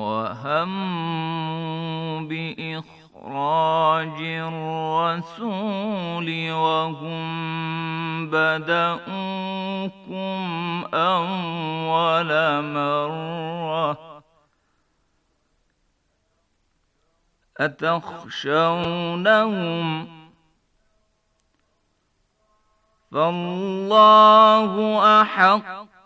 وهموا بإخراج الرسول وهم بدؤوكم أول مرة أتخشونهم ؟ فالله أحق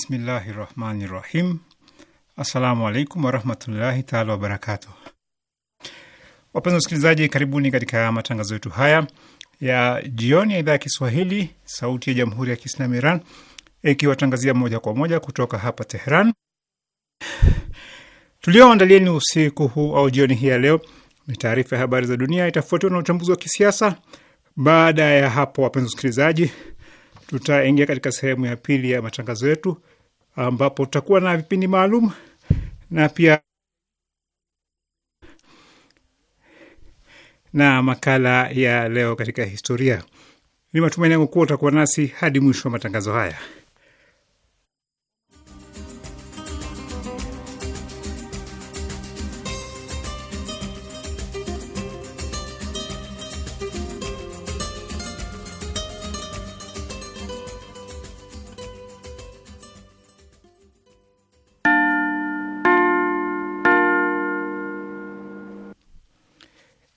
Bismillahi rahmani rahim. Assalamu alaikum warahmatullahi taala wabarakatu Wapenzi wasikilizaji, karibuni katika matangazo yetu haya ya jioni ya idhaa ya Kiswahili sauti ya jamhuri ya Kiislamu Iran ikiwatangazia moja kwa moja kutoka hapa teheran Tulioandalieni usiku huu au jioni hii ya leo ni taarifa ya habari za dunia, itafuatiwa na uchambuzi wa kisiasa. Baada ya hapo, wapenzi wasikilizaji tutaingia katika sehemu ya pili ya matangazo yetu ambapo tutakuwa na vipindi maalum na pia na makala ya leo katika historia. Ni matumaini yangu kuwa utakuwa nasi hadi mwisho wa matangazo haya.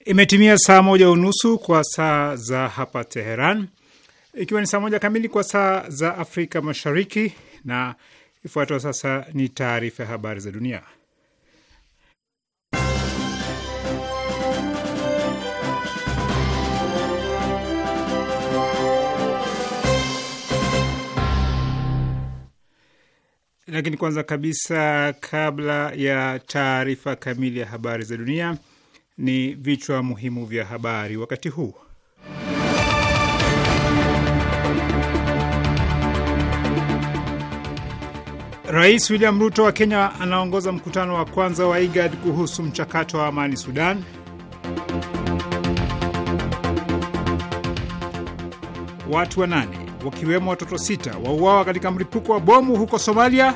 Imetimia saa moja unusu kwa saa za hapa Teheran, ikiwa ni saa moja kamili kwa saa za Afrika Mashariki, na ifuatayo sasa ni taarifa ya habari za dunia. Lakini kwanza kabisa, kabla ya taarifa kamili ya habari za dunia ni vichwa muhimu vya habari wakati huu. Rais William Ruto wa Kenya anaongoza mkutano wa kwanza wa IGAD kuhusu mchakato wa amani Sudan. Watu wanane wakiwemo watoto sita wauawa katika mlipuko wa bomu huko Somalia.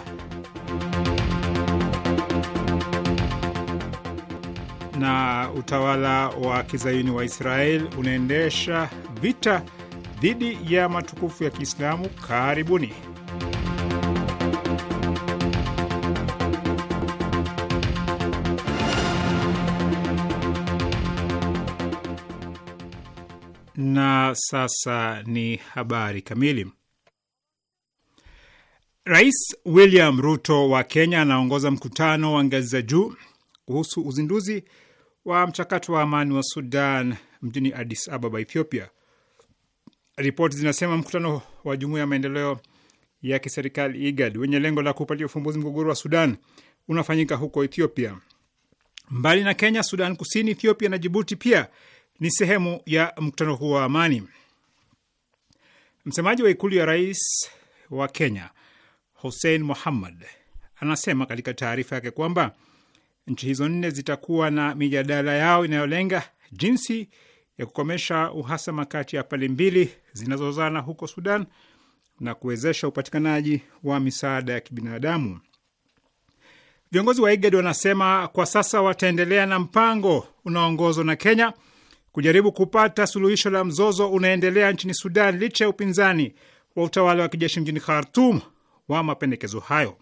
na utawala wa kizayuni wa Israel unaendesha vita dhidi ya matukufu ya Kiislamu. Karibuni. Na sasa ni habari kamili. Rais William Ruto wa Kenya anaongoza mkutano wa ngazi za juu kuhusu uzinduzi wa mchakato wa amani wa Sudan mjini Addis Ababa, Ethiopia. Ripoti zinasema mkutano wa Jumuiya ya Maendeleo ya Kiserikali IGAD wenye lengo la kupatia ufumbuzi mgogoro wa Sudan unafanyika huko Ethiopia. Mbali na Kenya, Sudan Kusini, Ethiopia na Jibuti pia ni sehemu ya mkutano huo wa amani. Msemaji wa ikulu ya rais wa Kenya Hussein Mohammad anasema katika taarifa yake kwamba nchi hizo nne zitakuwa na mijadala yao inayolenga jinsi ya kukomesha uhasama kati ya pande mbili zinazozana huko Sudan na kuwezesha upatikanaji wa misaada ya kibinadamu. Viongozi wa IGAD wanasema kwa sasa wataendelea na mpango unaoongozwa na Kenya kujaribu kupata suluhisho la mzozo unaendelea nchini Sudan licha ya upinzani wa utawala wa kijeshi mjini Khartum wa mapendekezo hayo.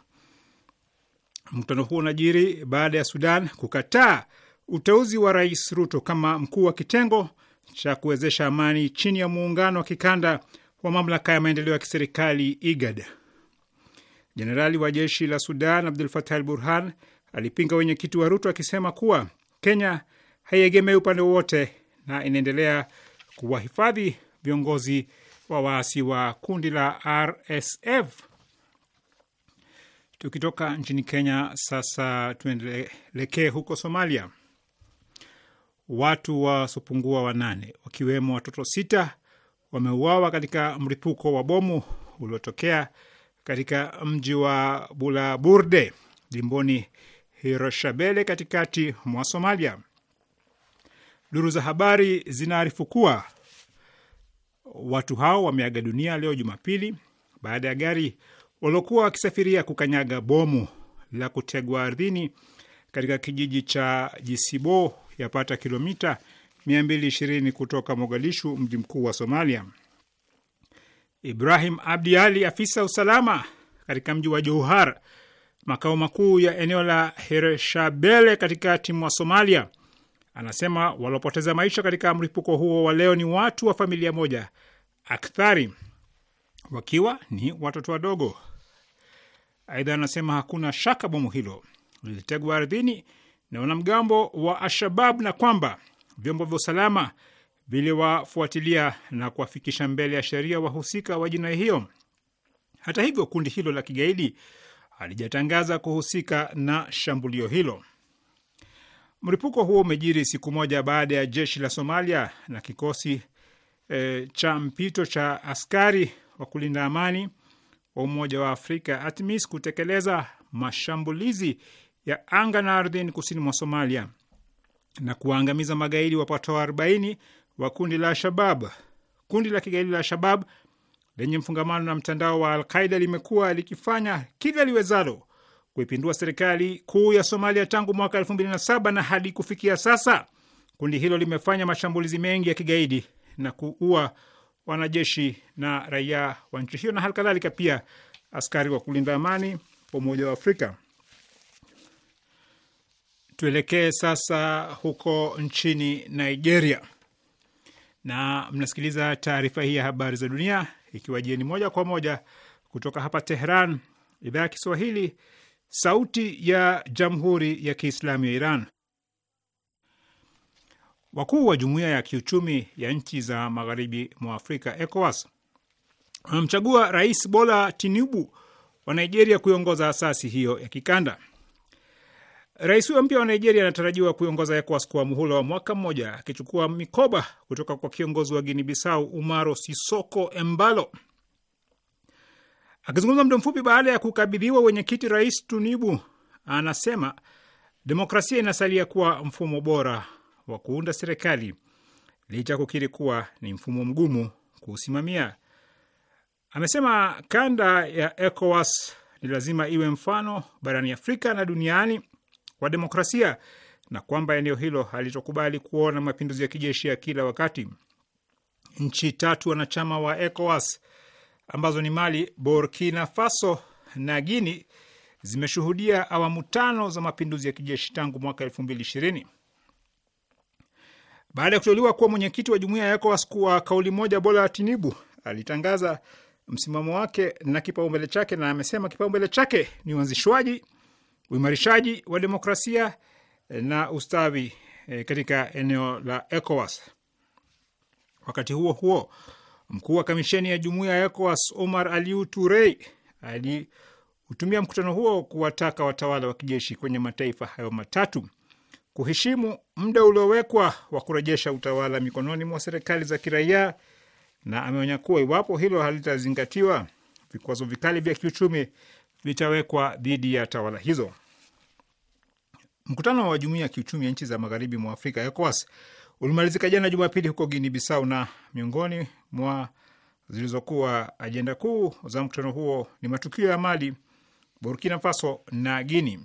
Mkutano huo unajiri baada ya Sudan kukataa uteuzi wa Rais Ruto kama mkuu wa kitengo cha kuwezesha amani chini ya muungano wa kikanda wa mamlaka ya maendeleo ya kiserikali IGAD. Jenerali wa jeshi la Sudan Abdul Fatah al Burhan alipinga wenyekiti wa Ruto akisema kuwa Kenya haiegemei upande wowote na inaendelea kuwahifadhi viongozi wa waasi wa kundi la RSF. Tukitoka nchini Kenya sasa tuendelekee huko Somalia. Watu wasiopungua wanane wakiwemo watoto sita wameuawa katika mlipuko wa bomu uliotokea katika mji wa Bulaburde jimboni hiroshabele katikati mwa Somalia. Duru za habari zinaarifu kuwa watu hao wameaga dunia leo Jumapili baada ya gari waliokuwa wakisafiria kukanyaga bomu la kutegwa ardhini katika kijiji cha Jisibo, yapata kilomita 220 kutoka Mogadishu, mji mkuu wa Somalia. Ibrahim Abdi Ali, afisa usalama katika mji wa Johar, makao makuu ya eneo la Hirshabele katikati mwa Somalia, anasema waliopoteza maisha katika mlipuko huo wa leo ni watu wa familia moja, akthari wakiwa ni watoto wadogo. Aidha anasema hakuna shaka bomu hilo lilitegwa ardhini na wanamgambo wa ashabab na kwamba vyombo vya usalama viliwafuatilia na kuwafikisha mbele ya sheria wahusika wa jinai hiyo. Hata hivyo, kundi hilo la kigaidi halijatangaza kuhusika na shambulio hilo. Mlipuko huo umejiri siku moja baada ya jeshi la Somalia na kikosi e, cha mpito cha askari wa kulinda amani wa Umoja wa Afrika ATMIS kutekeleza mashambulizi ya anga na ardhini kusini mwa Somalia na kuwaangamiza magaidi wapatao 40 wa kundi la Shabab. Kundi la kigaidi la Shabab lenye mfungamano na mtandao wa Alqaida limekuwa likifanya kila liwezalo kuipindua serikali kuu ya Somalia tangu mwaka 2007 na hadi kufikia sasa kundi hilo limefanya mashambulizi mengi ya kigaidi na kuua wanajeshi na raia wa nchi hiyo na hali kadhalika pia askari wa kulinda amani wa Umoja wa Afrika. Tuelekee sasa huko nchini Nigeria, na mnasikiliza taarifa hii ya habari za dunia ikiwa jieni moja kwa moja kutoka hapa Tehran, idhaa ya Kiswahili, sauti ya jamhuri ya kiislamu ya Iran. Wakuu wa jumuiya ya kiuchumi ya nchi za magharibi mwa Afrika, ECOWAS, wamemchagua Rais Bola Tinubu wa Nigeria kuiongoza asasi hiyo ya kikanda. Rais huyo mpya wa Nigeria anatarajiwa kuiongoza ECOWAS kwa muhula wa mwaka mmoja, akichukua mikoba kutoka kwa kiongozi wa Guinea Bissau Umaro Sisoko Embalo. Akizungumza muda mfupi baada ya kukabidhiwa wenyekiti, Rais Tinubu anasema demokrasia inasalia kuwa mfumo bora wa kuunda serikali licha kukiri kuwa ni mfumo mgumu kuusimamia. Amesema kanda ya ECOWAS ni lazima iwe mfano barani Afrika na duniani kwa demokrasia na kwamba eneo hilo halitokubali kuona mapinduzi ya kijeshi ya kila wakati. Nchi tatu wanachama wa ECOWAS ambazo ni Mali, Burkina Faso na Guini zimeshuhudia awamu tano za mapinduzi ya kijeshi tangu mwaka elfu mbili ishirini. Baada ya kuteuliwa kuwa mwenyekiti wa jumuiya ya ECOWAS kwa kauli moja, Bola Tinubu alitangaza msimamo wake na kipaumbele chake, na amesema kipaumbele chake ni uanzishwaji, uimarishaji wa demokrasia eh, na ustawi eh, katika eneo la ECOWAS. Wakati huo huo, mkuu wa kamisheni ya jumuiya ya ECOWAS Omar Aliu Turei alihutumia mkutano huo kuwataka watawala wa kijeshi kwenye mataifa hayo matatu kuheshimu muda uliowekwa wa kurejesha utawala mikononi mwa serikali za kiraia, na ameonya kuwa iwapo hilo halitazingatiwa, vikwazo vikali vya kiuchumi vitawekwa dhidi ya tawala hizo. Mkutano wa Jumuiya ya Kiuchumi ya Nchi za Magharibi mwa Afrika, ECOWAS, ulimalizika jana Jumapili huko Guini Bisau, na miongoni mwa zilizokuwa ajenda kuu za mkutano huo ni matukio ya Mali, Burkina Faso na Guinea.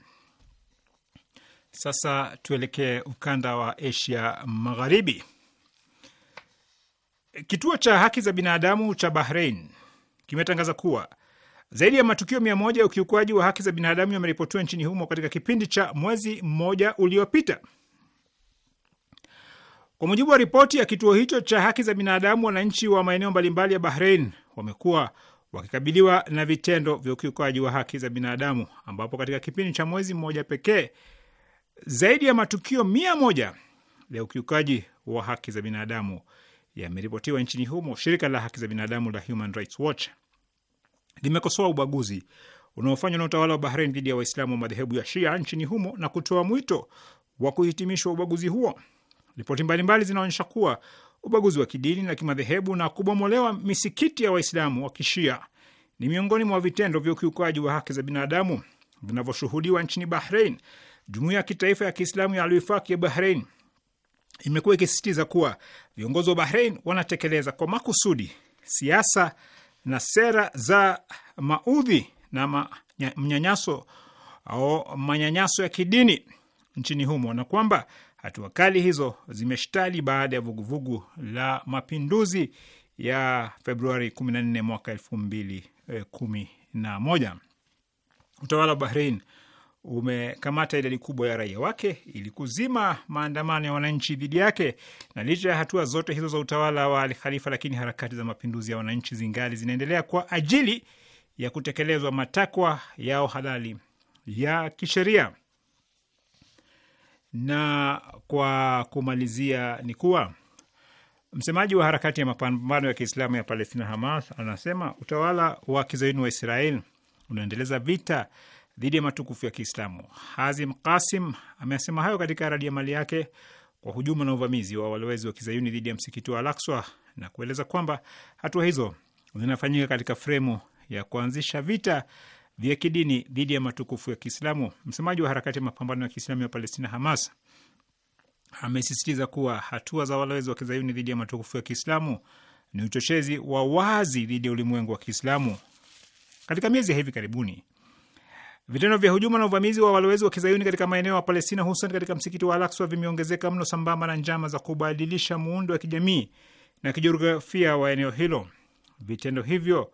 Sasa tuelekee ukanda wa Asia Magharibi. Kituo cha haki za binadamu cha Bahrain kimetangaza kuwa zaidi ya matukio mia moja ya ukiukwaji wa haki za binadamu yameripotiwa nchini humo katika kipindi cha mwezi mmoja uliopita. Kwa mujibu wa ripoti ya kituo hicho cha haki za binadamu, wananchi wa maeneo mbalimbali ya Bahrain wamekuwa wakikabiliwa na vitendo vya ukiukaji wa haki za binadamu, ambapo katika kipindi cha mwezi mmoja pekee zaidi ya matukio mia moja ya ukiukaji wa haki za binadamu yameripotiwa nchini humo. Shirika la haki za binadamu la Human Rights Watch limekosoa ubaguzi unaofanywa na utawala wa Bahrain dhidi ya Waislamu wa madhehebu ya Shia nchini humo na kutoa mwito wa kuhitimishwa ubaguzi huo. Ripoti mbalimbali zinaonyesha kuwa ubaguzi wa kidini na kimadhehebu na kubomolewa misikiti ya Waislamu wa kishia ni miongoni mwa vitendo vya ukiukaji wa haki za binadamu vinavyoshuhudiwa nchini Bahrain Jumuiya ya kitaifa ya Kiislamu ya Alwifaki ya Bahrein imekuwa ikisisitiza kuwa viongozi wa Bahrein wanatekeleza kwa makusudi siasa na sera za maudhi na mnyanyaso au manyanyaso ya kidini nchini humo na kwamba hatua kali hizo zimeshtali baada ya vuguvugu la mapinduzi ya Februari 14 mwaka 2011. Eh, Utawala wa Bahrein umekamata idadi kubwa ya raia wake ili kuzima maandamano ya wananchi dhidi yake. Na licha ya hatua zote hizo za utawala wa Al Khalifa, lakini harakati za mapinduzi ya wananchi zingali zinaendelea kwa ajili ya kutekelezwa matakwa yao halali ya kisheria. Na kwa kumalizia ni kuwa msemaji wa harakati ya mapambano ya Kiislamu ya Palestina, Hamas, anasema utawala wa kizaini wa Israel unaendeleza vita dhidi ya matukufu ya Kiislamu. Hazim Kasim amesema hayo katika radi ya mali yake kwa hujuma na uvamizi wa walowezi wa kizayuni dhidi ya msikiti wa Al-Aqsa na kueleza kwamba hatua hizo zinafanyika katika fremu ya kuanzisha vita vya kidini dhidi ya matukufu ya Kiislamu. Msemaji wa harakati ya mapambano ya Kiislamu ya Palestina, Hamas, amesisitiza kuwa hatua za walowezi wa kizayuni dhidi ya matukufu ya Kiislamu ni uchochezi wa wazi dhidi ya ulimwengu wa Kiislamu. Katika miezi ya hivi karibuni Vitendo vya hujuma na uvamizi wa walowezi wa kizayuni katika maeneo ya Palestina, hususan katika msikiti wa Al-Aqsa, vimeongezeka mno, sambamba na njama za kubadilisha muundo wa kijamii na kijiografia wa eneo hilo. Vitendo hivyo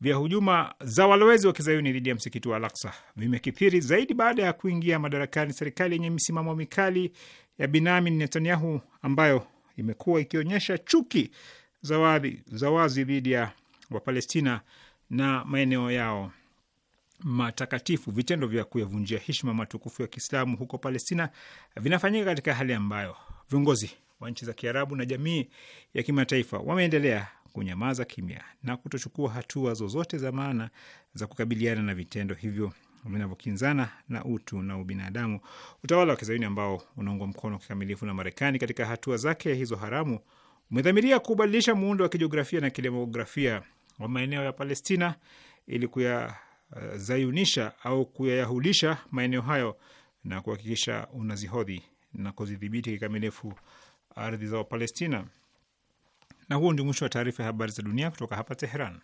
vya hujuma za walowezi wa kizayuni dhidi ya msikiti wa Al-Aqsa vimekithiri zaidi baada ya kuingia madarakani serikali yenye misimamo mikali ya Benjamin Netanyahu, ambayo imekuwa ikionyesha chuki za wazi dhidi ya Wapalestina na maeneo yao matakatifu. Vitendo vya kuyavunjia heshima matukufu ya Kiislamu huko Palestina vinafanyika katika hali ambayo viongozi wa nchi za Kiarabu na jamii ya kimataifa wameendelea kunyamaza kimya na kutochukua hatua zozote za maana za kukabiliana na vitendo hivyo vinavyokinzana na utu na ubinadamu. Utawala wa kizayuni ambao unaungwa mkono kikamilifu na Marekani katika hatua zake hizo haramu umedhamiria kubadilisha muundo wa kijiografia na kidemografia wa maeneo ya Palestina ili kuya kuyazayunisha eh, au kuyayahulisha maeneo hayo na kuhakikisha unazihodhi na kuzidhibiti kikamilifu ardhi za Wapalestina. Na huo ndio mwisho wa taarifa ya habari za dunia kutoka hapa Teheran.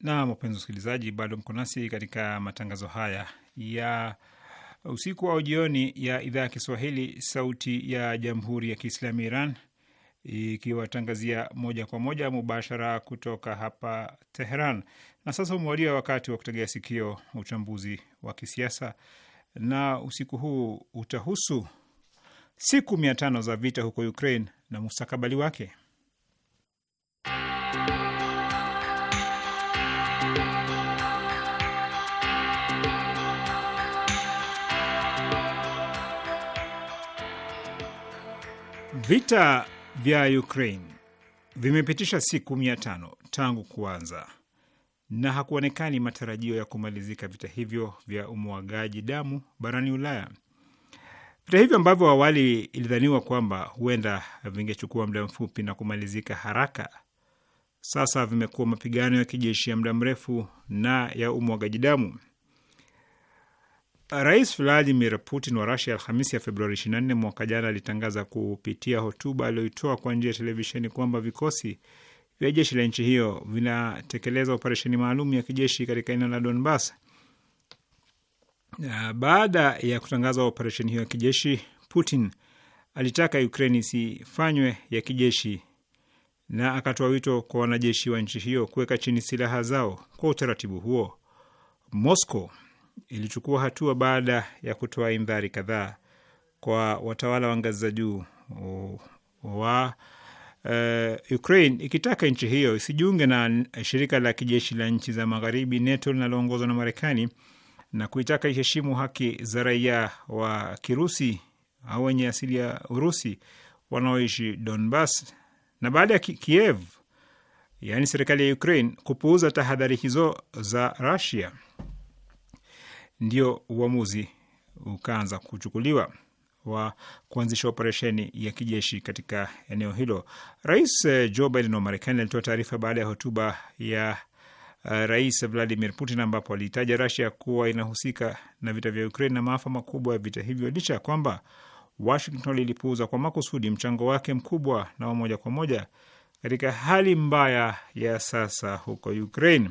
Na wapenzi wasikilizaji, bado mko nasi katika matangazo haya ya usiku au jioni ya idhaa ya Kiswahili, Sauti ya Jamhuri ya Kiislamu Iran, ikiwatangazia moja kwa moja mubashara kutoka hapa Teheran. Na sasa umewadia wakati wa kutegea sikio uchambuzi wa kisiasa, na usiku huu utahusu siku mia tano za vita huko Ukraine na mustakabali wake. Vita vya Ukraine vimepitisha siku mia tano tangu kuanza na hakuonekani matarajio ya kumalizika vita hivyo vya umwagaji damu barani Ulaya. Vita hivyo ambavyo awali ilidhaniwa kwamba huenda vingechukua muda mfupi na kumalizika haraka, sasa vimekuwa mapigano ya kijeshi ya muda mrefu na ya umwagaji damu. Rais Vladimir Putin wa Rusia Alhamisi ya Februari 24 mwaka jana alitangaza kupitia hotuba aliyoitoa kwa njia ya televisheni kwamba vikosi vya jeshi la nchi hiyo vinatekeleza operesheni maalum ya kijeshi katika eneo la Donbas. Baada ya kutangaza operesheni hiyo ya kijeshi, Putin alitaka Ukraini isifanywe ya kijeshi na akatoa wito kwa wanajeshi wa nchi hiyo kuweka chini silaha zao. Kwa utaratibu huo, Moscow ilichukua hatua baada ya kutoa indhari kadhaa kwa watawala wa ngazi za juu wa uh, Ukraine ikitaka nchi hiyo isijiunge na shirika la kijeshi la nchi za magharibi NATO linaloongozwa na Marekani na kuitaka iheshimu haki za raia wa Kirusi au wenye asili ya Urusi wanaoishi Donbas na baada ya Kiev, yaani serikali ya Ukraine kupuuza tahadhari hizo za Rusia ndio uamuzi ukaanza kuchukuliwa wa kuanzisha operesheni ya kijeshi katika eneo hilo. Rais eh, Joe Biden wa Marekani alitoa taarifa baada ya hotuba ya uh, Rais Vladimir Putin ambapo aliitaja Rasia kuwa inahusika na vita vya Ukraine na maafa makubwa ya vita hivyo, licha ya kwamba Washington ilipuuza kwa makusudi mchango wake mkubwa na wa moja kwa moja katika hali mbaya ya sasa huko Ukraine.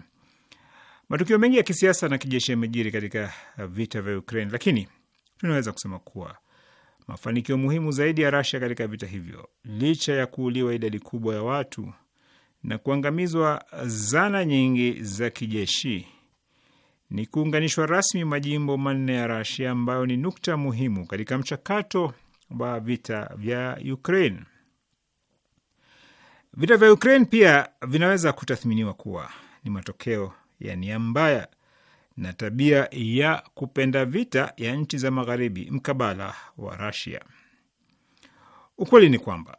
Matukio mengi ya kisiasa na kijeshi yamejiri katika vita vya Ukraine, lakini tunaweza kusema kuwa mafanikio muhimu zaidi ya Russia katika vita hivyo, licha ya kuuliwa idadi kubwa ya watu na kuangamizwa zana nyingi za kijeshi, ni kuunganishwa rasmi majimbo manne ya Russia ambayo ni nukta muhimu katika mchakato wa vita vya Ukraine. Vita vya Ukraine pia vinaweza kutathminiwa kuwa ni matokeo ya nia mbaya na tabia ya kupenda vita ya nchi za magharibi mkabala wa Rasia. Ukweli ni kwamba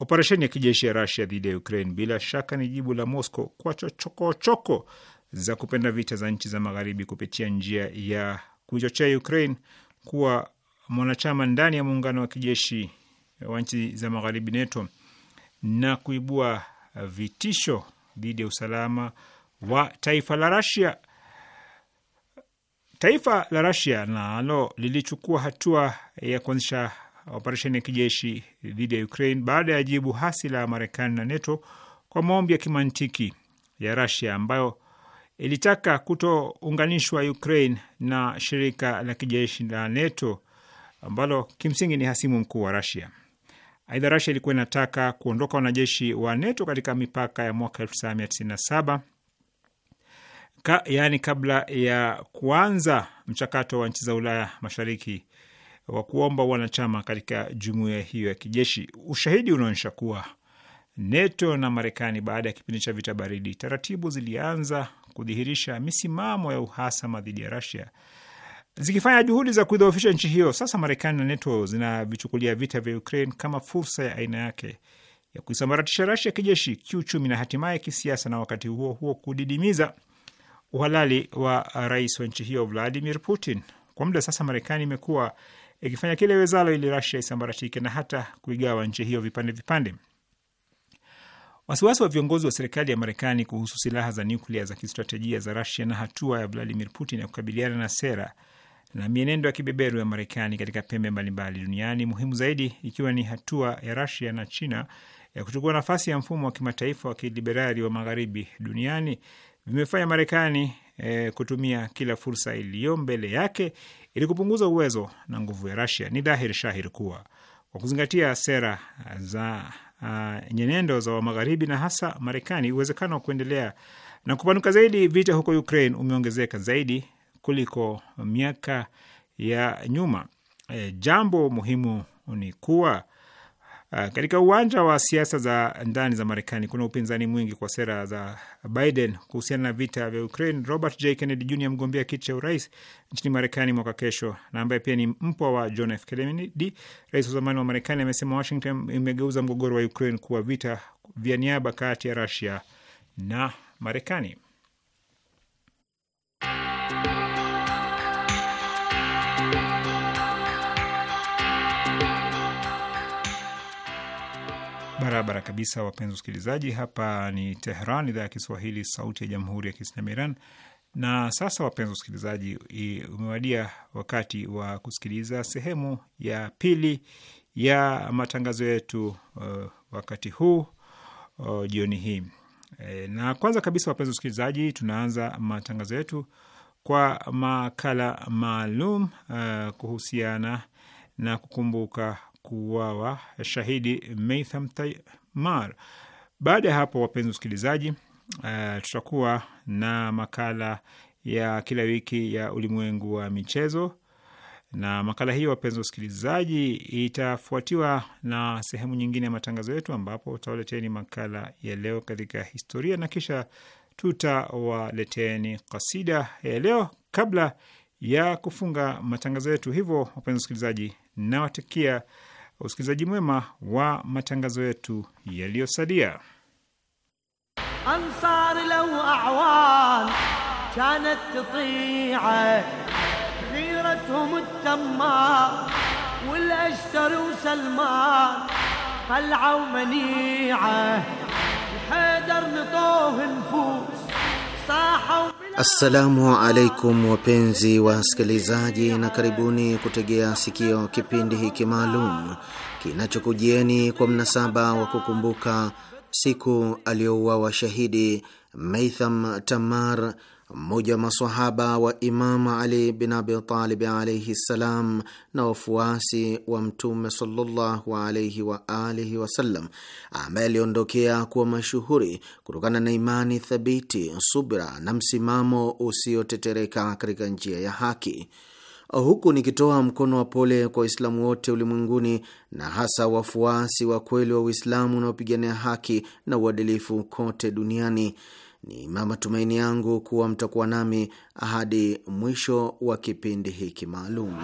operesheni ya kijeshi ya Rasia dhidi ya Ukraine bila shaka ni jibu la Moscow kwa chochokochoko za kupenda vita za nchi za magharibi kupitia njia ya kuichochea Ukraine kuwa mwanachama ndani ya muungano wa kijeshi wa nchi za magharibi NATO na kuibua vitisho dhidi ya usalama wa taifa la Rasia. Taifa la Rasia nalo lilichukua hatua ya kuanzisha operesheni ya kijeshi dhidi ya Ukraine baada ya jibu hasi la Marekani na NATO kwa maombi ya kimantiki ya Rasia ambayo ilitaka kutounganishwa Ukraine na shirika la kijeshi la NATO ambalo kimsingi ni hasimu mkuu wa Rasia. Aidha, Rasia ilikuwa inataka kuondoka wanajeshi wa NATO katika mipaka ya mwaka 1997 ka, yaani kabla ya kuanza mchakato wa nchi za Ulaya Mashariki wa kuomba wanachama katika jumuiya hiyo ya kijeshi. Ushahidi unaonyesha kuwa NATO na Marekani baada ya kipindi cha vita baridi, taratibu zilianza kudhihirisha misimamo ya uhasama dhidi ya Russia zikifanya juhudi za kuidhoofisha nchi hiyo. Sasa Marekani na NATO zinavichukulia vita vya Ukraine kama fursa ya aina yake ya kuisambaratisha Russia kijeshi, kiuchumi na hatimaye kisiasa, na wakati huo huo kudidimiza uhalali wa rais wa nchi hiyo Vladimir Putin. Kwa muda sasa, Marekani imekuwa ikifanya kile iwezalo ili Rasia isambaratike na hata kuigawa nchi hiyo vipande vipande. Wasiwasi wa viongozi wa serikali ya Marekani kuhusu silaha za nyuklia za kistratejia za Rasia na hatua ya Vladimir Putin ya kukabiliana na sera na mienendo ya kibeberu ya Marekani katika pembe mbalimbali duniani, muhimu zaidi ikiwa ni hatua ya Rasia na China ya kuchukua nafasi ya mfumo wa kimataifa wa kiliberali wa magharibi duniani vimefanya Marekani e, kutumia kila fursa iliyo mbele yake ili kupunguza uwezo na nguvu ya Rasia. Ni dhahiri shahiri kuwa kwa kuzingatia sera za uh, nyenendo za Wamagharibi na hasa Marekani, uwezekano wa kuendelea na kupanuka zaidi vita huko Ukraine umeongezeka zaidi kuliko miaka ya nyuma. E, jambo muhimu ni kuwa Ah, katika uwanja wa siasa za ndani za Marekani kuna upinzani mwingi kwa sera za Biden kuhusiana na vita vya Ukraine. Robert J. Kennedy Jr, mgombea kiti cha urais nchini Marekani mwaka kesho na ambaye pia ni mpwa wa John F. Kennedy, rais wa zamani wa Marekani, amesema Washington imegeuza mgogoro wa Ukraine kuwa vita vya niaba kati ya Rusia na Marekani. barabara kabisa, wapenzi wasikilizaji, hapa ni Tehran, idhaa ya Kiswahili, sauti ya jamhuri ya kiislamu Iran. Na sasa, wapenzi wasikilizaji, umewadia wakati wa kusikiliza sehemu ya pili ya matangazo yetu uh, wakati huu uh, jioni hii e, na kwanza kabisa, wapenzi wasikilizaji, tunaanza matangazo yetu kwa makala maalum uh, kuhusiana na kukumbuka kuuawa shahidi Meitham Taimar. Baada ya hapo, wapenzi wasikilizaji, uh, tutakuwa na makala ya kila wiki ya ulimwengu wa michezo, na makala hiyo, wapenzi wasikilizaji, itafuatiwa na sehemu nyingine ya matangazo yetu, ambapo utawaleteni makala ya leo katika historia na kisha tutawaleteni kasida ya leo kabla ya kufunga matangazo yetu. Hivyo wapenzi wasikilizaji, nawatakia usikilizaji mwema wa matangazo yetu yaliyosalia. Assalamu alaikum wapenzi wa wasikilizaji, na karibuni kutegea sikio kipindi hiki maalum kinachokujieni kwa mnasaba wa kukumbuka siku aliyouawa shahidi Maitham Tamar mmoja wa masahaba wa Imamu Ali bin Abitalib alaihi ssalam na wafuasi wa Mtume sallallahu alaihi wa alihi wasallam, ambaye aliondokea kuwa mashuhuri kutokana na imani thabiti, subra na msimamo usiotetereka katika njia ya haki huku nikitoa mkono wa pole kwa Waislamu wote ulimwenguni na hasa wafuasi wa kweli wa Uislamu unaopigania haki na uadilifu kote duniani ni matumaini yangu kuwa mtakuwa nami hadi mwisho wa kipindi hiki maalum.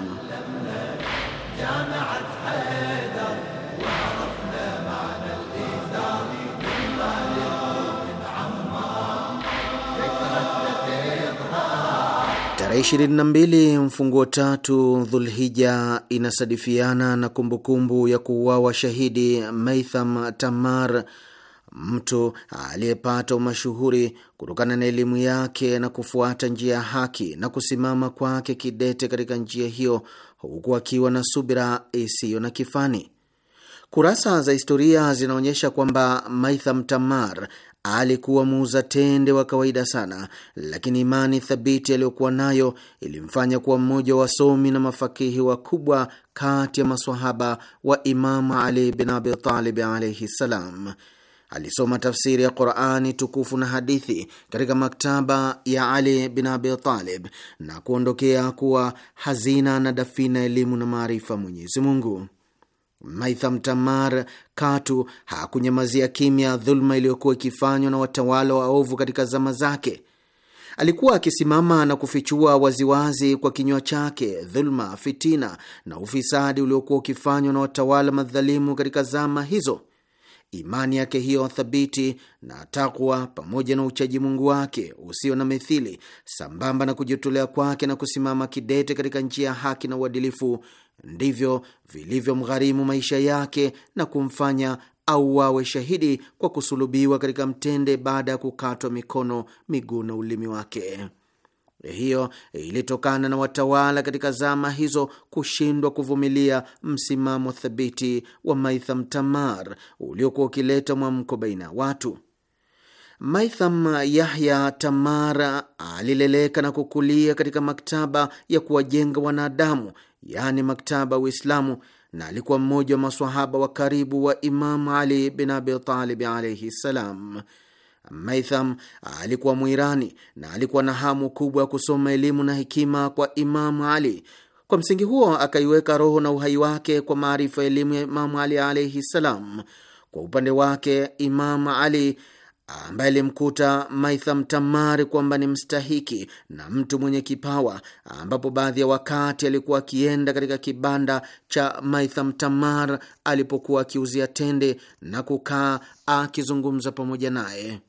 Tarehe 22 mfunguo tatu Dhulhija inasadifiana na kumbukumbu ya kuuawa shahidi Maitham Tamar Mtu aliyepata umashuhuri kutokana na elimu yake na kufuata njia ya haki na kusimama kwake kidete katika njia hiyo, huku akiwa na subira isiyo na kifani. Kurasa za historia zinaonyesha kwamba Maitham Tamar alikuwa muuza tende wa kawaida sana, lakini imani thabiti aliyokuwa nayo ilimfanya kuwa mmoja wa wasomi na mafakihi wakubwa kati ya maswahaba wa Imamu Ali bin Abi Talib alaihi ssalam. Alisoma tafsiri ya Qurani tukufu na hadithi katika maktaba ya Ali bin Abi Talib na kuondokea kuwa hazina na dafina elimu na maarifa Mwenyezi Mungu. Maitham Tamar katu hakunyamazia kimya dhuluma iliyokuwa ikifanywa na watawala waovu katika zama zake. Alikuwa akisimama na kufichua waziwazi kwa kinywa chake dhuluma, fitina na ufisadi uliokuwa ukifanywa na watawala madhalimu katika zama hizo. Imani yake hiyo thabiti na takwa, pamoja na uchaji Mungu wake usio na mithili, sambamba na kujitolea kwake na kusimama kidete katika njia ya haki na uadilifu, ndivyo vilivyomgharimu maisha yake na kumfanya au wawe shahidi kwa kusulubiwa katika mtende baada ya kukatwa mikono, miguu na ulimi wake. Eh, hiyo eh, ilitokana na watawala katika zama hizo kushindwa kuvumilia msimamo thabiti wa Maitham Tamar uliokuwa ukileta mwamko baina ya watu. Maitham Yahya Tamar alileleka na kukulia katika maktaba ya kuwajenga wanadamu, yaani maktaba Uislamu, na alikuwa mmoja wa maswahaba wa karibu wa Imamu Ali bin Abi Talib alaihi ssalam. Maitham alikuwa Mwirani na alikuwa na hamu kubwa ya kusoma elimu na hekima kwa Imamu Ali. Kwa msingi huo akaiweka roho na uhai wake kwa maarifa ya elimu ya Imamu Ali alaihi ssalam. Kwa upande wake, Imamu Ali ambaye alimkuta Maitham Tamari kwamba ni mstahiki na mtu mwenye kipawa, ambapo baadhi ya wakati alikuwa akienda katika kibanda cha Maitham Tamar alipokuwa akiuzia tende na kukaa akizungumza pamoja naye.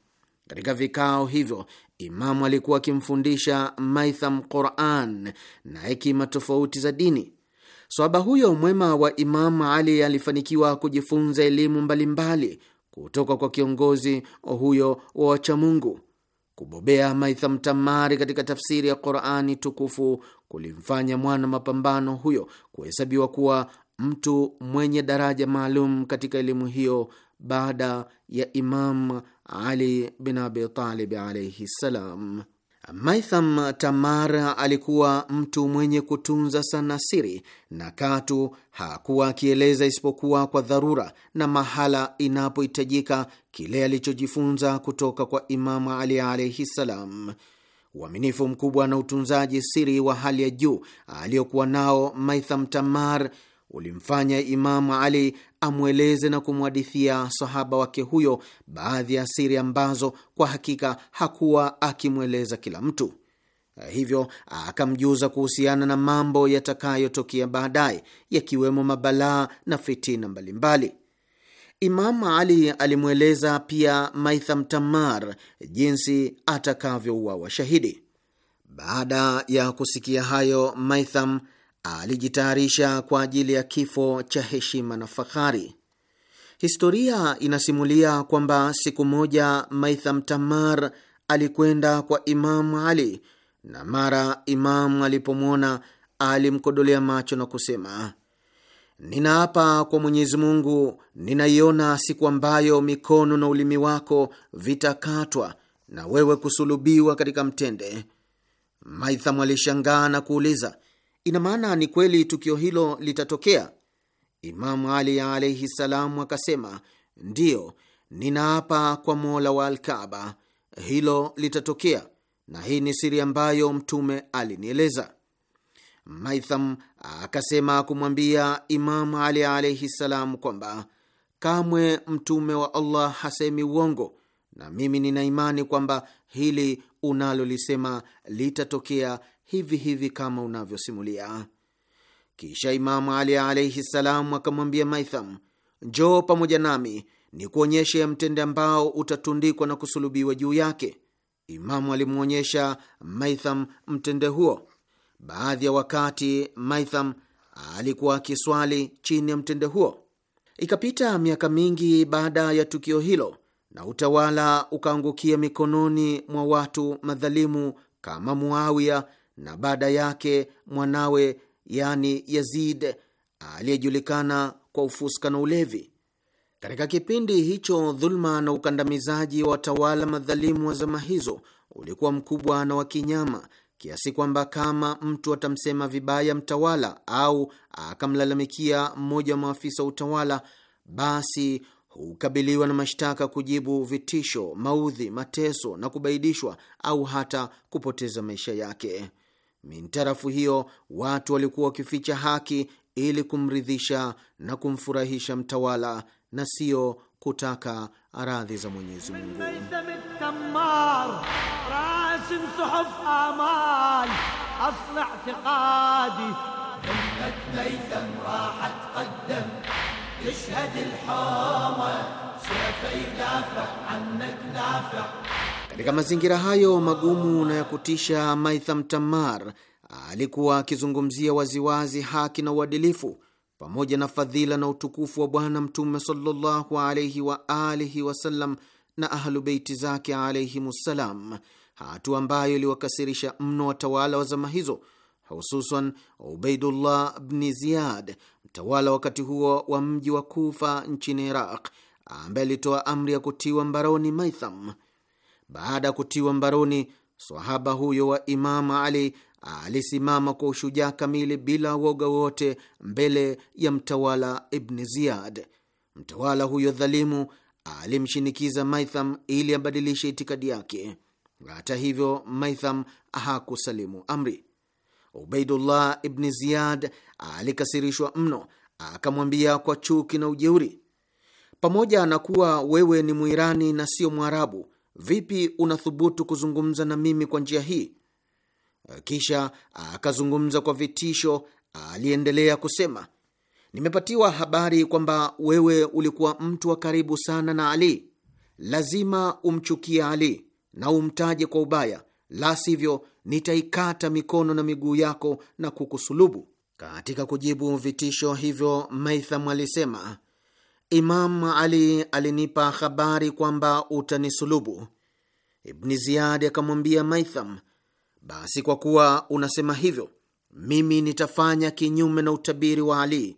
Katika vikao hivyo Imamu alikuwa akimfundisha Maitham Quran na hekima tofauti za dini. swaba huyo mwema wa Imamu Ali alifanikiwa kujifunza elimu mbalimbali kutoka kwa kiongozi huyo wa wachamungu. Kubobea Maitham Tamari katika tafsiri ya Qurani tukufu kulimfanya mwana mapambano huyo kuhesabiwa kuwa mtu mwenye daraja maalum katika elimu hiyo baada ya Imam ali bin Abi Talib alaihi ssalam. Maitham Tamar alikuwa mtu mwenye kutunza sana siri na katu hakuwa akieleza isipokuwa kwa dharura na mahala inapohitajika kile alichojifunza kutoka kwa Imamu Ali alaihi ssalam. Uaminifu mkubwa na utunzaji siri wa hali ya juu aliyokuwa nao Maitham Tamar ulimfanya Imamu Ali amweleze na kumwadithia sahaba wake huyo baadhi ya siri ambazo kwa hakika hakuwa akimweleza kila mtu. Eh, hivyo akamjuza kuhusiana na mambo yatakayotokea baadaye, yakiwemo mabalaa na fitina mbalimbali. Imamu Ali alimweleza pia Maitham Tamar jinsi atakavyouawa shahidi. Baada ya kusikia hayo Maitham alijitayarisha kwa ajili ya kifo cha heshima na fahari. Historia inasimulia kwamba siku moja Maitham Tamar alikwenda kwa Imamu Ali na mara Imamu alipomwona alimkodolea macho na kusema, ninaapa kwa Mwenyezi Mungu, ninaiona siku ambayo mikono na ulimi wako vitakatwa na wewe kusulubiwa katika mtende. Maitham alishangaa na kuuliza Ina maana ni kweli tukio hilo litatokea? Imamu Ali alaihi salam akasema, ndiyo, ninaapa kwa mola wa Alkaba hilo litatokea, na hii ni siri ambayo Mtume alinieleza. Maitham akasema kumwambia Imamu Ali alaihi salam kwamba kamwe Mtume wa Allah hasemi uongo, na mimi nina imani kwamba hili unalolisema litatokea hivi hivi kama unavyosimulia. Kisha Imamu Ali alaihi ssalam akamwambia Maitham, njoo pamoja nami ni kuonyeshe mtende ambao utatundikwa na kusulubiwa juu yake. Imamu alimwonyesha Maitham mtende huo. Baadhi ya wakati Maitham alikuwa akiswali chini ya mtende huo. Ikapita miaka mingi baada ya tukio hilo, na utawala ukaangukia mikononi mwa watu madhalimu kama Muawiya na baada yake mwanawe yani Yazid aliyejulikana kwa ufuska na ulevi. Katika kipindi hicho, dhuluma na ukandamizaji wa watawala madhalimu wa zama hizo ulikuwa mkubwa na wa kinyama kiasi kwamba kama mtu atamsema vibaya mtawala au akamlalamikia mmoja wa maafisa wa utawala, basi hukabiliwa na mashtaka, kujibu vitisho, maudhi, mateso na kubaidishwa au hata kupoteza maisha yake. Mintarafu hiyo watu walikuwa wakificha haki ili kumridhisha na kumfurahisha mtawala na sio kutaka radhi za Mwenyezi Mungu. Katika mazingira hayo magumu na ya kutisha, Maitham Tamar alikuwa akizungumzia waziwazi haki na uadilifu pamoja na fadhila na utukufu wa Bwana Mtume sallallahu alaihi wa alihi wasallam na Ahlubeiti zake alaihimussalam, hatua ambayo iliwakasirisha mno watawala wa zama hizo, hususan Ubaidullah bni Ziyad, mtawala wakati huo wa mji wa Kufa nchini Iraq, ambaye alitoa amri ya kutiwa mbaroni Maitham. Baada ya kutiwa mbaroni, swahaba huyo wa Imama Ali alisimama kwa ushujaa kamili bila woga wote mbele ya mtawala Ibni Ziyad. Mtawala huyo dhalimu alimshinikiza Maitham ili abadilishe itikadi yake. Hata hivyo, Maitham hakusalimu amri. Ubaidullah Ibni Ziyad alikasirishwa mno, akamwambia kwa chuki na ujeuri, pamoja na kuwa wewe ni Mwirani na sio Mwarabu, vipi unathubutu kuzungumza na mimi kwa njia hii? Kisha akazungumza kwa vitisho. Aliendelea kusema, nimepatiwa habari kwamba wewe ulikuwa mtu wa karibu sana na Ali. Lazima umchukie Ali na umtaje kwa ubaya, la sivyo nitaikata mikono na miguu yako na kukusulubu. Katika kujibu vitisho hivyo, Maitham alisema, Imam Ali alinipa habari kwamba utanisulubu. Ibni Ziyadi akamwambia Maitham, basi kwa kuwa unasema hivyo, mimi nitafanya kinyume na utabiri wa Ali.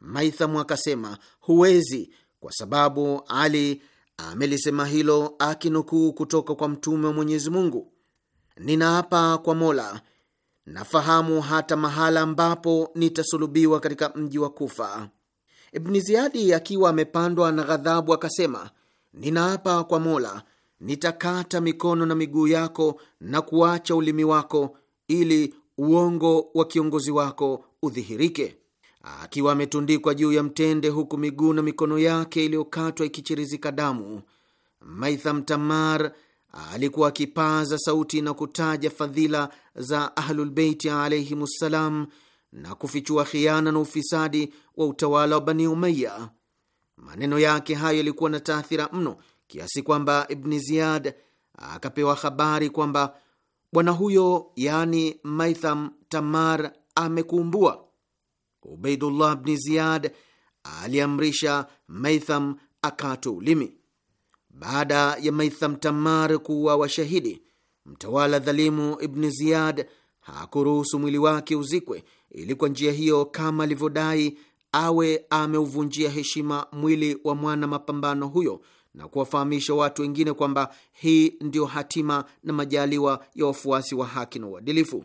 Maitham akasema, huwezi, kwa sababu Ali amelisema hilo akinukuu kutoka kwa Mtume wa Mwenyezi Mungu. Ninaapa kwa Mola, nafahamu hata mahala ambapo nitasulubiwa katika mji wa Kufa. Ibni Ziyadi akiwa amepandwa na ghadhabu akasema, ninaapa kwa Mola, nitakata mikono na miguu yako na kuacha ulimi wako, ili uongo wa kiongozi wako udhihirike. Akiwa ametundikwa juu ya mtende, huku miguu na mikono yake iliyokatwa ikichirizika damu, Maitham Tamar alikuwa akipaza sauti na kutaja fadhila za Ahlulbeiti ssalam na kufichua khiana na ufisadi wa utawala wa Bani Umaya. Maneno yake hayo yalikuwa na taathira mno kiasi kwamba Ibni Ziyad akapewa habari kwamba bwana huyo yaani Maitham Tamar amekumbua. Ubeidullah Bni Ziyad aliamrisha Maitham akate ulimi. Baada ya Maitham Tamar kuwa washahidi, mtawala dhalimu Ibni Ziyad hakuruhusu mwili wake uzikwe, ili kwa njia hiyo, kama alivyodai, awe ameuvunjia heshima mwili wa mwana mapambano huyo na kuwafahamisha watu wengine kwamba hii ndiyo hatima na majaliwa ya wafuasi wa haki na uadilifu.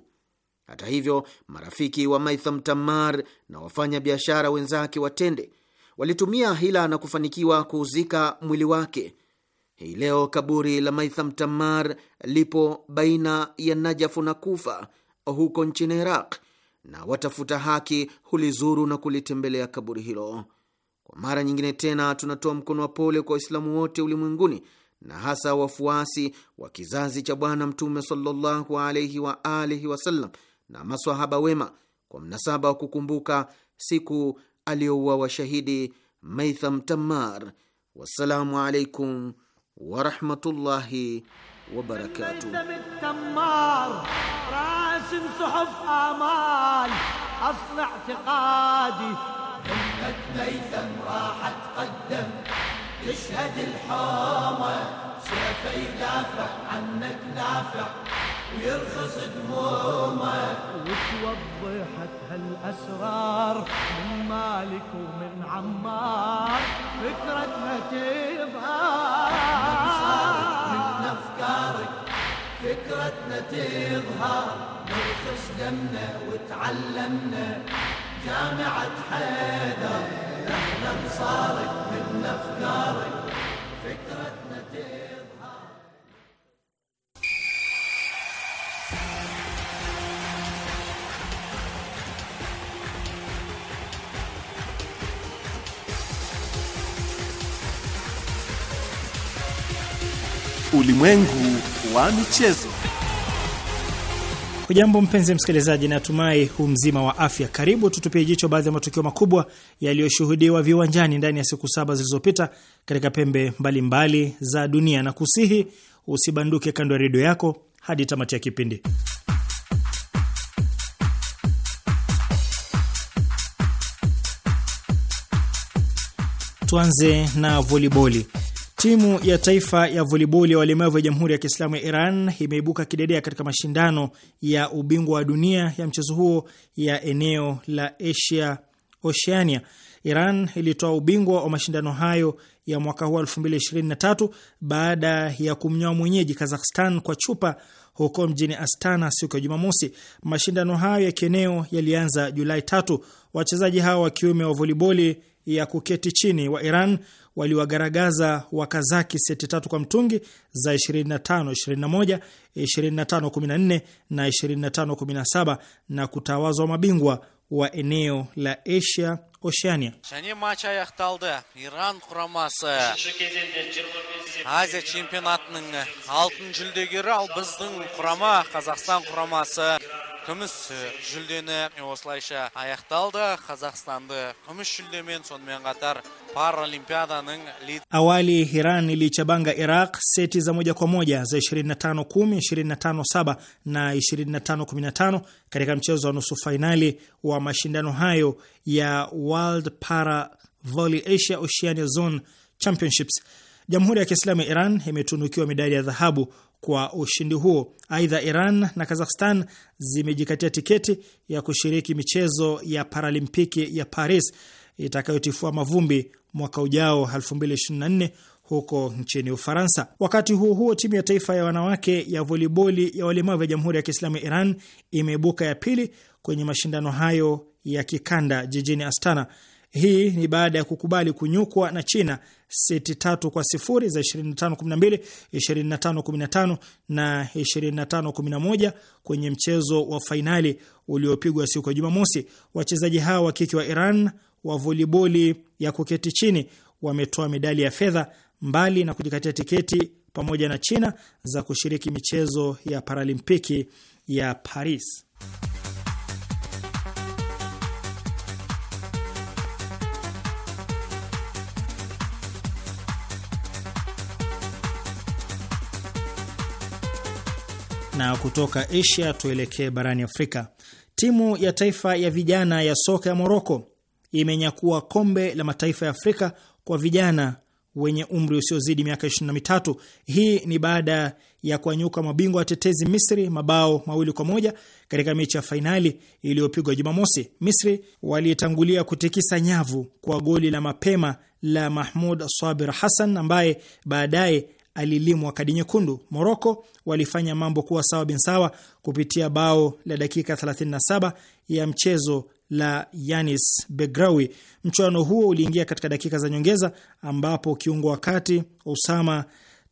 Hata hivyo, marafiki wa Maitham Tamar na wafanya biashara wenzake watende walitumia hila na kufanikiwa kuuzika mwili wake. Hii leo kaburi la Maitham Tamar lipo baina ya Najafu na Kufa huko nchini Iraq, na watafuta haki hulizuru na kulitembelea kaburi hilo. Kwa mara nyingine tena, tunatoa mkono wa pole kwa Waislamu wote ulimwenguni na hasa wafuasi wa kizazi cha Bwana Mtume sallallahu alaihi wa alihi wasallam na maswahaba wema kwa mnasaba wa kukumbuka siku aliyoua washahidi Maitham Tammar. Wassalamu alaikum warahmatullahi wabarakatuh. أمة ميثم راحت قدم تشهد الحامة سيفي دافع عنك دافع ويرخص دمومه وتوضحت هالأسرار من مالك ومن عمار فكرتنا تظهر من أفكارك فكرتنا تظهر نرخص دمنا وتعلمنا جامعة حيدر احنا انصارك من افكارك فكرتنا تظهر Ulimwengu wa michezo. Hujambo mpenzi msikilizaji, natumai hu mzima wa afya. Karibu tutupie jicho baadhi ya matukio makubwa yaliyoshuhudiwa viwanjani ndani ya siku saba zilizopita katika pembe mbalimbali mbali za dunia, na kusihi usibanduke kando ya redio yako hadi tamati ya kipindi. Tuanze na voliboli. Timu ya taifa ya voliboli ya walemavu ya Jamhuri ya Kiislamu ya Iran imeibuka kidedea katika mashindano ya ubingwa wa dunia ya mchezo huo ya eneo la Asia Oceania. Iran ilitoa ubingwa wa mashindano hayo ya mwaka huu 2023 baada ya kumnyoa mwenyeji Kazakhstan kwa chupa huko mjini Astana siku ya Jumamosi. Mashindano hayo ya kieneo yalianza Julai tatu. Wachezaji hao wa kiume wa voliboli ya kuketi chini wa Iran waliwagaragaza Wakazaki seti tatu kwa mtungi za 25 21 25 14 na 25 17 na kutawazwa mabingwa wa eneo la Asia Oceania. Және матч аяқталды. Иран құрамасы Азия чемпионатының алтын жүлдегері ал біздің құрама Қазақстан құрамасы күміс э, жүлдені осылайша аяқталды қазақстанды күміс жүлдемен сонымен қатар паралимпиаданың awali Iran ilichabanga Iraq seti za moja kwa moja za 25 10, 25 na 25 15 katika mchezo wa nusu fainali wa mashindano hayo ya World Para Volley Asia Oceania Zone Championships. Jamhuri ya Kiislamu ya Iran imetunukiwa medali ya dhahabu kwa ushindi huo. Aidha, Iran na Kazakhstan zimejikatia tiketi ya kushiriki michezo ya Paralimpiki ya Paris itakayotifua mavumbi mwaka ujao 2024 huko nchini Ufaransa. Wakati huo huo, timu ya taifa ya wanawake ya voliboli ya walemavu ya Jamhuri ya Kiislamu ya Iran imeibuka ya pili kwenye mashindano hayo ya kikanda jijini Astana. Hii ni baada ya kukubali kunyukwa na China seti tatu kwa sifuri za 25-12, 25-15 na 25-11 kwenye mchezo wa fainali uliopigwa siku ya Jumamosi. Wachezaji hawa wa kike wa Iran wa voliboli ya kuketi chini wametoa medali ya fedha mbali na kujikatia tiketi pamoja na China za kushiriki michezo ya Paralimpiki ya Paris. na kutoka Asia tuelekee barani Afrika. Timu ya taifa ya vijana ya soka ya Moroko imenyakua kombe la mataifa ya Afrika kwa vijana wenye umri usiozidi miaka 23. Hii ni baada ya kuanyuka mabingwa watetezi Misri mabao mawili kwa moja katika mechi ya fainali iliyopigwa Jumamosi. Misri walitangulia kutikisa nyavu kwa goli la mapema la Mahmud Sabir Hassan ambaye baadaye alilimwa kadi nyekundu. Moroko walifanya mambo kuwa sawa bin sawa kupitia bao la dakika 37 ya mchezo la Yanis Begrawi. Mchuano huo uliingia katika dakika za nyongeza, ambapo kiungo wa kati Usama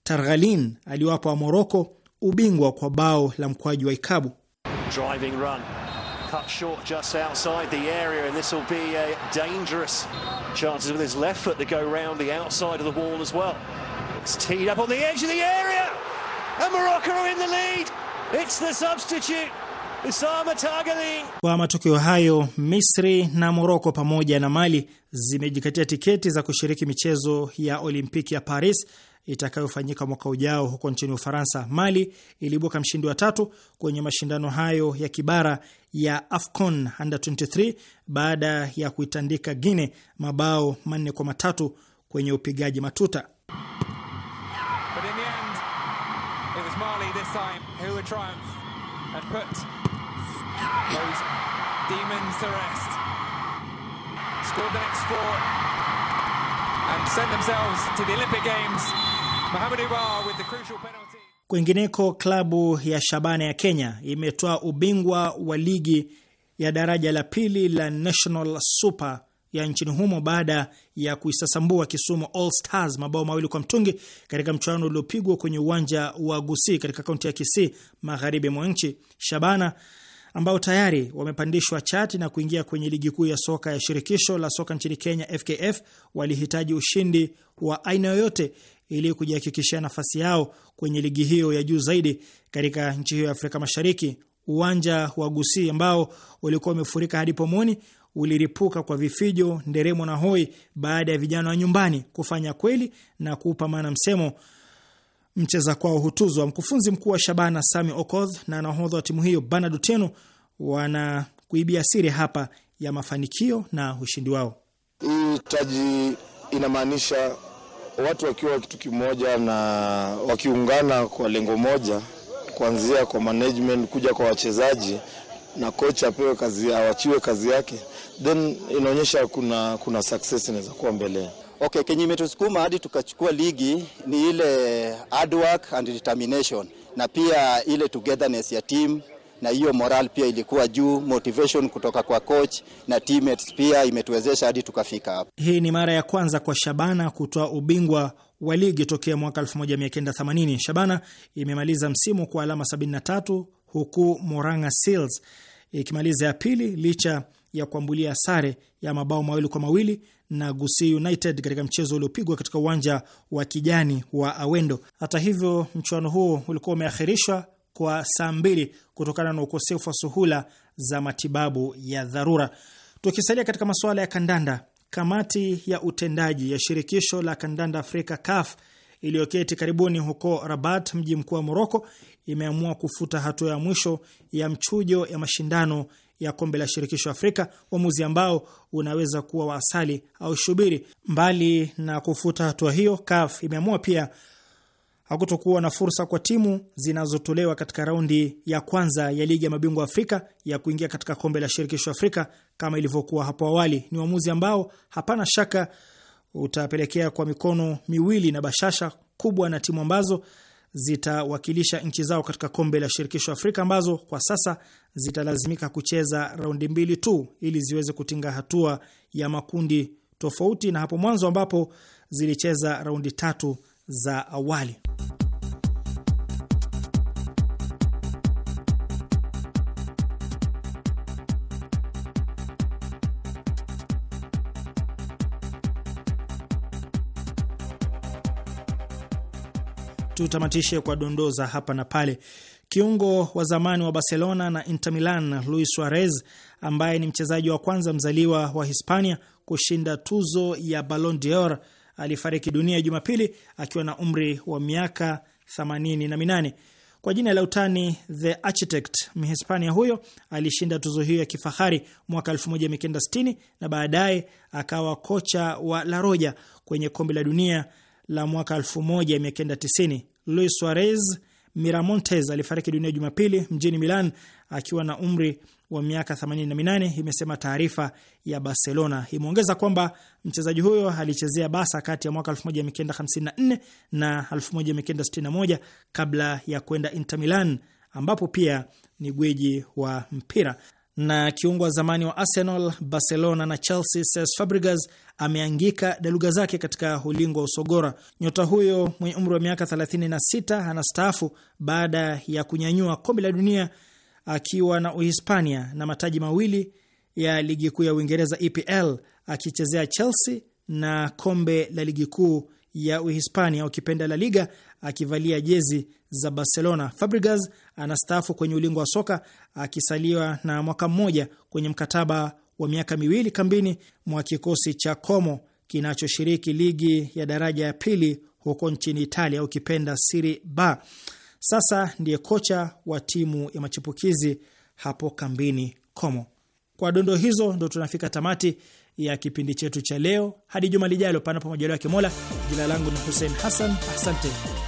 Targhalin aliwapa wa Moroko ubingwa kwa bao la mkwaji wa ikabu. Well. It's teed up on the edge of the area. And Morocco are in the lead. It's the substitute. Kwa matokeo hayo, Misri na Moroko pamoja na Mali zimejikatia tiketi za kushiriki michezo ya Olimpiki ya Paris itakayofanyika mwaka ujao huko nchini Ufaransa. Mali iliibuka mshindi wa tatu kwenye mashindano hayo ya kibara ya AFCON Under 23 baada ya kuitandika Guine mabao manne kwa matatu kwenye upigaji matuta. would triumph and put those demons to rest. Scored the next four and sent themselves to the Olympic Games. Mohamed Ibar with the crucial penalty. Kwingineko, klabu ya Shabana ya Kenya imetoa ubingwa wa ligi ya daraja la pili la National Super ya nchini humo baada ya kuisasambua Kisumu All Stars mabao mawili kwa mtungi katika mchuano uliopigwa kwenye uwanja wa Gusii katika kaunti ya Kisii, magharibi mwa nchi. Shabana ambao tayari wamepandishwa chati na kuingia kwenye ligi kuu ya soka ya shirikisho la soka nchini Kenya, FKF, walihitaji ushindi wa aina yoyote ili kujihakikishia nafasi yao kwenye ligi hiyo ya juu zaidi katika nchi hiyo ya Afrika Mashariki. Uwanja wa Gusii ambao ulikuwa umefurika hadi pomoni uliripuka kwa vifijo, nderemo na hoi baada ya vijana wa nyumbani kufanya kweli na kuupa maana msemo mcheza kwao hutuzwa. Mkufunzi mkuu wa Shabana Sami Okoth na nahodha wa timu hiyo Bernard Uteno wanakuibia siri hapa ya mafanikio na ushindi wao. Hii taji inamaanisha watu wakiwa kitu kimoja na wakiungana kwa lengo moja, kuanzia kwa management kuja kwa wachezaji na kocha apewe kazi, awachiwe kazi yake, then inaonyesha kuna, kuna success inaweza kuwa mbele. Okay, kenye imetusukuma hadi tukachukua ligi ni ile hard work and determination na pia ile togetherness ya team na hiyo moral pia ilikuwa juu, motivation kutoka kwa coach na teammates pia imetuwezesha hadi tukafika hapa. Hii ni mara ya kwanza kwa Shabana kutoa ubingwa wa ligi tokea mwaka 1980. Shabana imemaliza msimu kwa alama 73 huku Moranga Seals ikimaliza ya pili licha ya kuambulia sare ya mabao mawili kwa mawili na Gusii United katika mchezo uliopigwa katika uwanja wa kijani wa Awendo. Hata hivyo, mchuano huo ulikuwa umeahirishwa kwa saa mbili kutokana na ukosefu wa suhula za matibabu ya dharura. Tukisalia katika masuala ya kandanda, kamati ya utendaji ya shirikisho la kandanda Afrika CAF iliyoketi karibuni huko Rabat, mji mkuu wa Moroko, imeamua kufuta hatua ya mwisho ya mchujo ya mashindano ya kombe la shirikisho Afrika, uamuzi ambao unaweza kuwa wa asali au shubiri. Mbali na kufuta hatua hiyo, CAF imeamua pia hakutokuwa na fursa kwa timu zinazotolewa katika raundi ya kwanza ya ligi ya mabingwa Afrika ya kuingia katika kombe la shirikisho Afrika kama ilivyokuwa hapo awali. Ni uamuzi ambao hapana shaka utapelekea kwa mikono miwili na bashasha kubwa na timu ambazo zitawakilisha nchi zao katika kombe la shirikisho Afrika ambazo kwa sasa zitalazimika kucheza raundi mbili tu ili ziweze kutinga hatua ya makundi tofauti na hapo mwanzo ambapo zilicheza raundi tatu za awali. Tutamatishe kwa dondoza hapa na pale. Kiungo wa zamani wa Barcelona na Inter Milan Luis Suarez, ambaye ni mchezaji wa kwanza mzaliwa wa Hispania kushinda tuzo ya Ballon d'Or, alifariki dunia Jumapili akiwa na umri wa miaka 88. Kwa jina la utani The Architect, Mhispania huyo alishinda tuzo hiyo ya kifahari mwaka 1960 na baadaye akawa kocha wa La Roja kwenye kombe la dunia la mwaka 1990. Luis Suarez Miramontes alifariki dunia Jumapili mjini Milan akiwa na umri wa miaka 88, imesema taarifa ya Barcelona. Imeongeza kwamba mchezaji huyo alichezea Basa kati ya mwaka 1954 na 1961 kabla ya kwenda Inter Milan ambapo pia ni gweji wa mpira na kiungo wa zamani wa Arsenal, Barcelona na Chelsea Cesc Fabregas ameangika daluga zake katika ulingo wa usogora. Nyota huyo mwenye umri wa miaka 36 anastaafu baada ya kunyanyua kombe la dunia akiwa na Uhispania na mataji mawili ya ligi kuu ya Uingereza EPL akichezea Chelsea na kombe la ligi kuu ya Uhispania ukipenda La Liga akivalia jezi za Barcelona. Fabregas anastaafu kwenye ulingo wa soka akisaliwa na mwaka mmoja kwenye mkataba wa miaka miwili kambini mwa kikosi cha Como kinachoshiriki ligi ya daraja ya pili huko nchini Italia ukipenda kipenda Serie B. Sasa ndiye kocha wa timu ya machipukizi hapo kambini Como. Kwa dondo hizo ndo tunafika tamati ya kipindi chetu cha leo. Hadi juma lijalo, panapo majaliwa ya Kimola. Jina langu ni Hussein Hassan, asante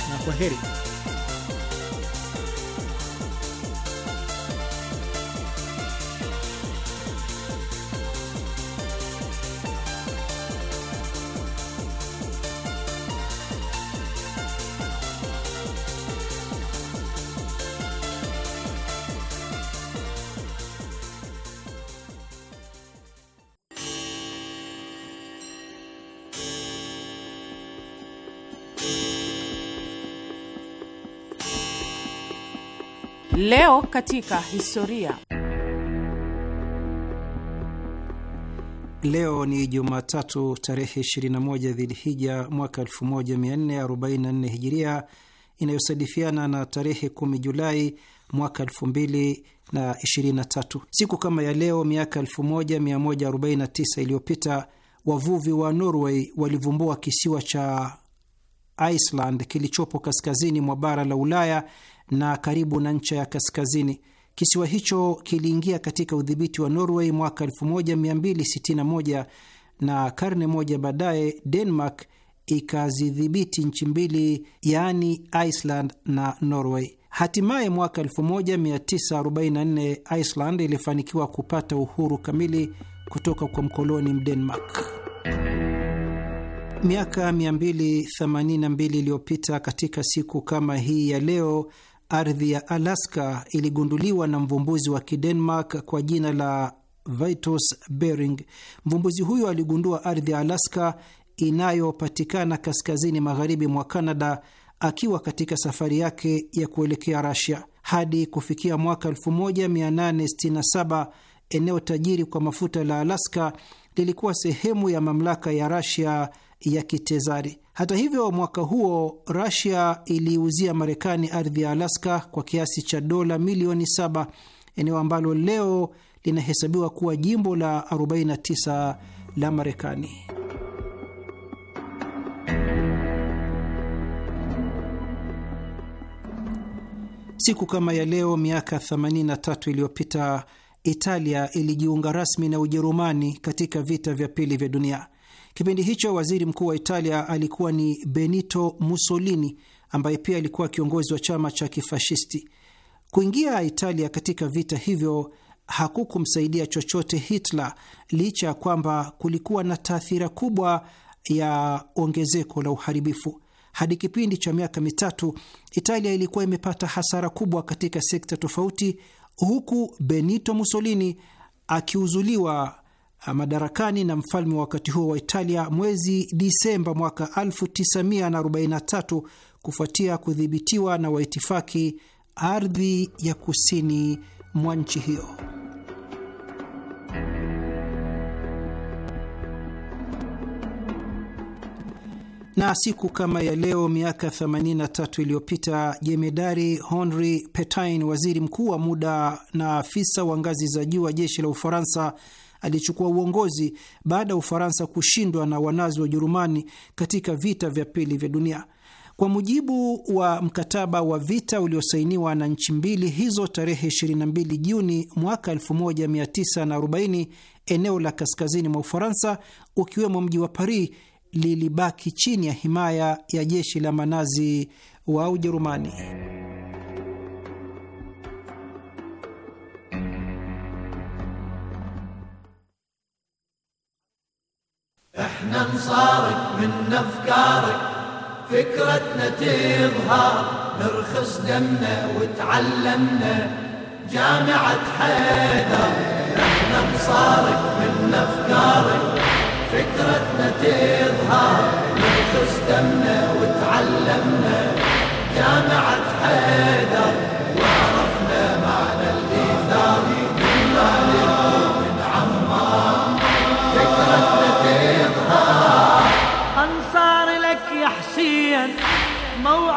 na kwa heri. katika historia. Leo ni Jumatatu tarehe 21 Dhilhija mwaka 1444 Hijiria, inayosadifiana na tarehe 10 Julai mwaka 2023. Siku kama ya leo miaka 1149 iliyopita wavuvi wa Norway walivumbua kisiwa cha Iceland kilichopo kaskazini mwa bara la Ulaya na karibu na ncha ya kaskazini. Kisiwa hicho kiliingia katika udhibiti wa Norway mwaka 1261 na karne moja baadaye Denmark ikazidhibiti nchi mbili, yaani Iceland na Norway. Hatimaye mwaka 1944 Iceland ilifanikiwa kupata uhuru kamili kutoka kwa mkoloni Mdenmark. Miaka 282 iliyopita katika siku kama hii ya leo ardhi ya Alaska iligunduliwa na mvumbuzi wa Kidenmark kwa jina la Vitus Bering. Mvumbuzi huyo aligundua ardhi ya Alaska inayopatikana kaskazini magharibi mwa canada akiwa katika safari yake ya kuelekea Rasia. Hadi kufikia mwaka 1867 eneo tajiri kwa mafuta la Alaska lilikuwa sehemu ya mamlaka ya Rasia ya kitezari. Hata hivyo, mwaka huo rasia iliuzia Marekani ardhi ya Alaska kwa kiasi cha dola milioni saba, eneo ambalo leo linahesabiwa kuwa jimbo la 49 la Marekani. Siku kama ya leo miaka 83 iliyopita Italia ilijiunga rasmi na Ujerumani katika vita vya pili vya dunia. Kipindi hicho waziri mkuu wa Italia alikuwa ni Benito Mussolini, ambaye pia alikuwa kiongozi wa chama cha kifashisti. Kuingia Italia katika vita hivyo hakukumsaidia chochote Hitler, licha ya kwamba kulikuwa na taathira kubwa ya ongezeko la uharibifu. Hadi kipindi cha miaka mitatu, Italia ilikuwa imepata hasara kubwa katika sekta tofauti, huku Benito Mussolini akiuzuliwa Uh, madarakani na mfalme wakati huo wa Italia mwezi Disemba mwaka 1943 kufuatia kudhibitiwa na waitifaki ardhi ya kusini mwa nchi hiyo. Na siku kama ya leo miaka 83 iliyopita jemedari Henri Petain, waziri mkuu wa muda na afisa wa ngazi za juu wa jeshi la Ufaransa alichukua uongozi baada ya Ufaransa kushindwa na wanazi wa Ujerumani katika vita vya pili vya dunia. Kwa mujibu wa mkataba wa vita uliosainiwa na nchi mbili hizo tarehe 22 Juni mwaka 1940, eneo la kaskazini mwa Ufaransa ukiwemo mji wa Paris lilibaki chini ya himaya ya jeshi la manazi wa Ujerumani. احنا نصارك من افكارك فكرتنا تظهر نرخص دمنا وتعلمنا جامعة حيدر احنا نصارك من افكارك فكرتنا تظهر نرخص دمنا وتعلمنا جامعة حيدر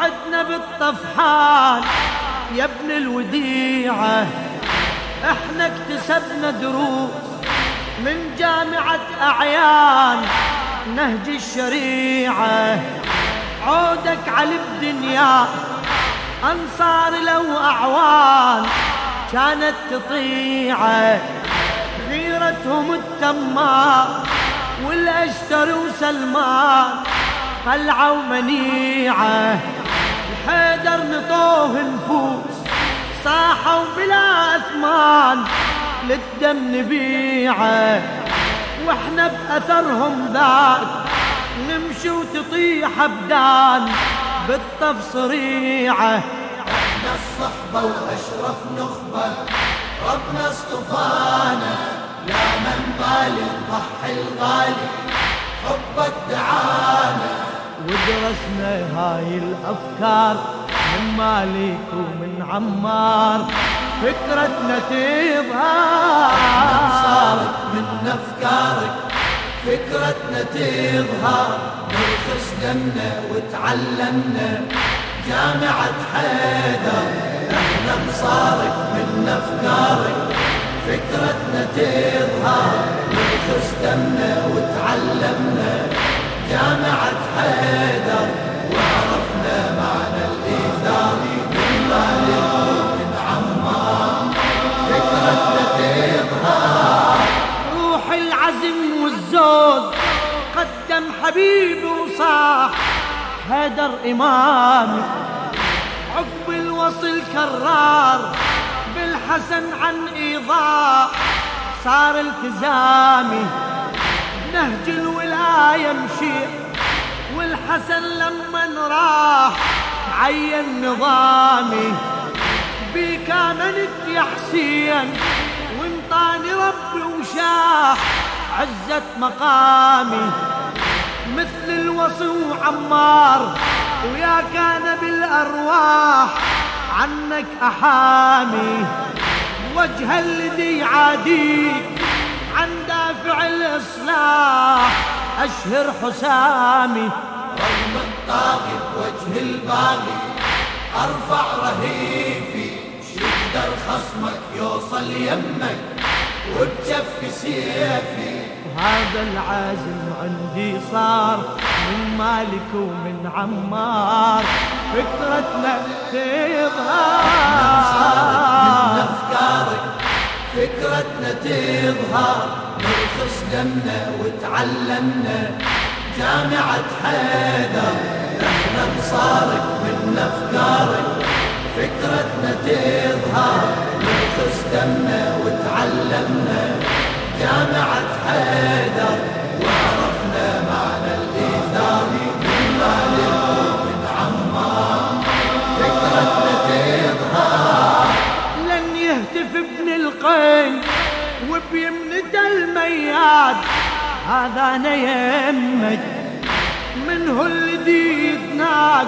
وعدنا بالطفحان يا ابن الوديعة احنا اكتسبنا دروس من جامعة أعيان نهج الشريعة عودك على الدنيا أنصار لو أعوان كانت تطيعه غيرتهم التمار والأشتر وسلمان قلعة ومنيعه حيدر نطوه نفوس صاحوا بلا اثمان للدم نبيعه واحنا باثرهم ذاك نمشي وتطيح ابدان بالطف صريعه احنا الصحبه واشرف نخبه ربنا اصطفانا يا من طال الضحي الغالي حبك دعانا ودرسنا هاي الأفكار من مالك ومن عمار فكرتنا تظهر صار من أفكارك فكرتنا تظهر نرخص دمنا وتعلمنا جامعة حيدر نحن بصارك من أفكارك فكرتنا تظهر نرخص دمنا وتعلمنا جامعة حيدر وعرفنا معنى الإيثار كلها للمؤمن عمار فكرتنا تظهر روح العزم والزود قدم حبيبي وصاح هدر إمامي عقب الوصل كرار بالحسن عن إيضاح صار التزامي نهج الولاية مشي والحسن لما راح عين نظامي بيك آمنت يا حسين وانطاني ربي وشاح عزة مقامي مثل الوصي وعمار ويا كان بالأرواح عنك أحامي وجه الذي عاديك عن دافع الإصلاح أشهر حسامي رغم الطاغي بوجه الباغي أرفع رهيفي شدر خصمك يوصل يمك وبجف سيفي وهذا العازم عندي صار من مالك ومن عمار فكرتنا تظهر من أفكارك فكرتنا تظهر نرخص دمنا وتعلمنا جامعة حيدر نحن بصارك من افكارك فكرتنا تظهر نرخص دمنا وتعلمنا جامعة حيدر الخيل وبيمنته المياد هذا انا يمك منه الذي يتناك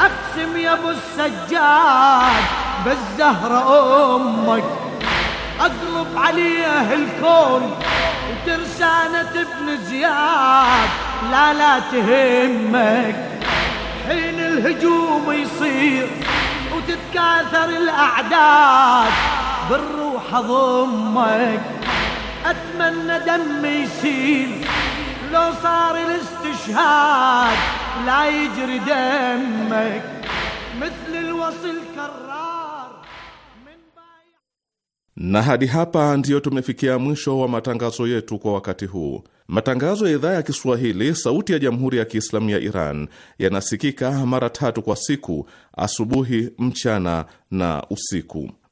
اقسم يا ابو السجاد بالزهرة امك اقلب عليه الكون وترسانة ابن زياد لا لا تهمك حين الهجوم يصير وتتكاثر الاعداد بالروح اضمك اتمنى دمي يسيل لو صار الاستشهاد لا يجري دمك مثل الوصل كرار من بايع... na hadi hapa ndiyo tumefikia mwisho wa matangazo yetu kwa wakati huu. Matangazo ya idhaa ya Kiswahili sauti ya jamhuri ya Kiislamu ya Iran yanasikika mara tatu kwa siku: asubuhi, mchana na usiku.